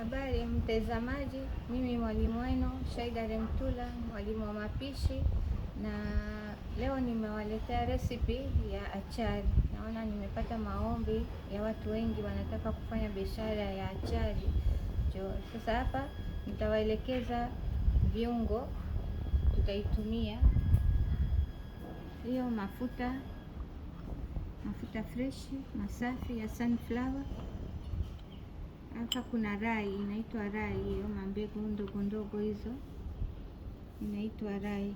Habari mtazamaji, mimi mwalimu wenu Shaida Remtula, mwalimu wa mapishi, na leo nimewaletea resipi ya achari. Naona nimepata maombi ya watu wengi wanataka kufanya biashara ya achari. Jo, sasa hapa nitawaelekeza viungo tutaitumia, hiyo mafuta mafuta freshi masafi ya sunflower hapa kuna rai, inaitwa rai hiyo, mambegu ndogo ndogo hizo inaitwa rai,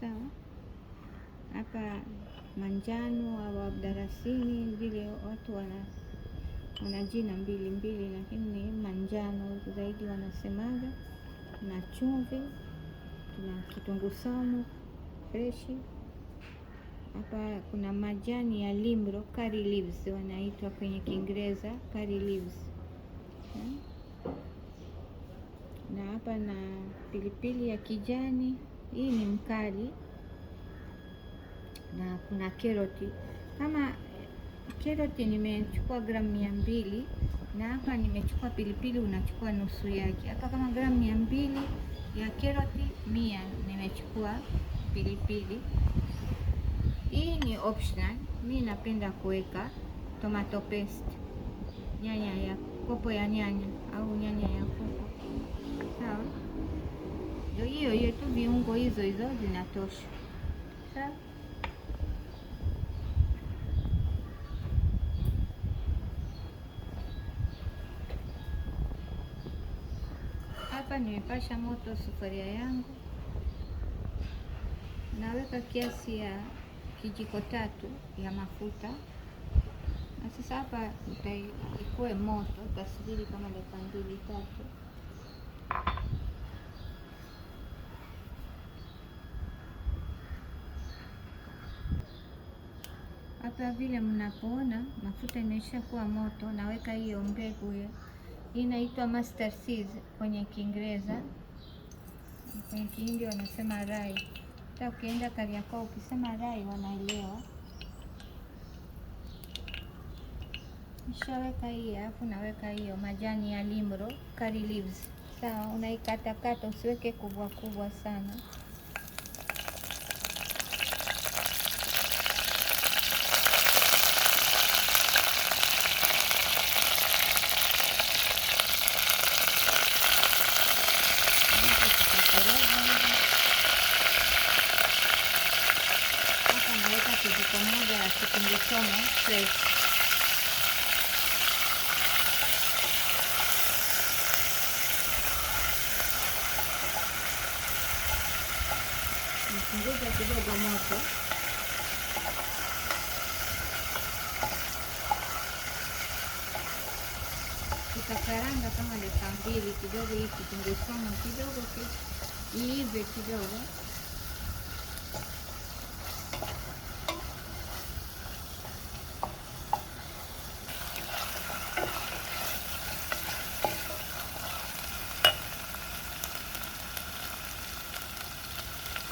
sawa. Hapa manjano au abdarasini, vile watu wana wana jina mbili mbili, lakini manjano zaidi wanasemaga, na chumvi, tuna kitunguu saumu freshi hapa kuna majani ya limro, curry leaves wanaitwa kwenye Kiingereza curry leaves. Hmm. na hapa na pilipili ya kijani, hii ni mkali, na kuna keroti. Kama keroti nimechukua gramu mia mbili na hapa nimechukua pilipili, unachukua nusu yake. Hapa kama gramu mia mbili ya keroti, mia nimechukua pilipili. Hii ni optional, mi napenda kuweka tomato paste, nyanya ya kopo ya nyanya au nyanya ya kopo, sawa. Ndio hiyo hiyo tu, viungo hizo hizo zinatosha, sawa. Hapa nimepasha moto sufuria yangu, naweka kiasi ya kijiko tatu ya mafuta sasa hapa ikuwe moto, tasubiri kama dakika mbili tatu. Hapa vile mnapoona mafuta imeisha kuwa moto, naweka hiyo mbegu hiyo, inaitwa mustard seeds kwenye Kiingereza, kwenye Kihindi wanasema rai. Hata ukienda Kariakoo ukisema rai wanaelewa. Nishaweka hii, alafu naweka hiyo majani ya limro curry leaves. Sawa, unaikatakata, usiweke kubwa kubwa sana. Hapa naweka kijiko moja ya kitunguu saumu fresh punguza kidogo moto tutakaranga kama dakika mbili kidogo, hii kitunguu saumu kidogo iive kidogo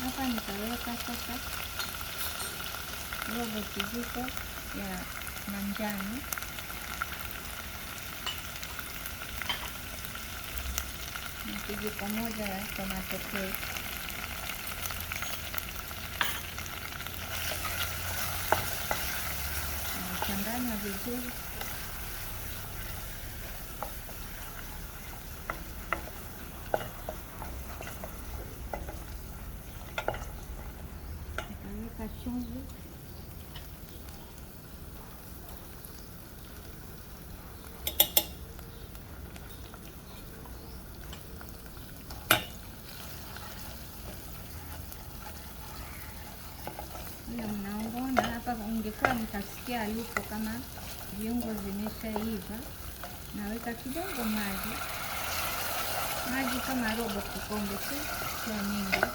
Hapa nitaweka sasa robo kijiko ya manjano na kijiko moja ya tomato paste. Changanya vizuri. applications. Hiyo mnaona hapa, ungekuwa mtasikia harufu kama viungo zimeshaiva. Naweka kidogo maji, maji kama robo kikombe tu cha nyingi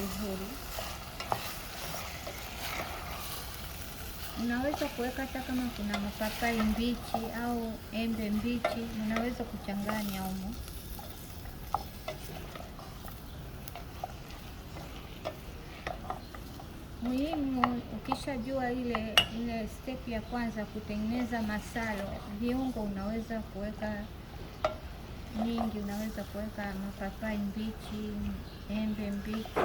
vizuri. Unaweza kuweka hata kama kuna mapapai mbichi au embe mbichi, unaweza kuchanganya humo. Muhimu ukishajua ile ile step ya kwanza kutengeneza masalo, viungo unaweza kuweka nyingi, unaweza kuweka mapapai mbichi, embe mbichi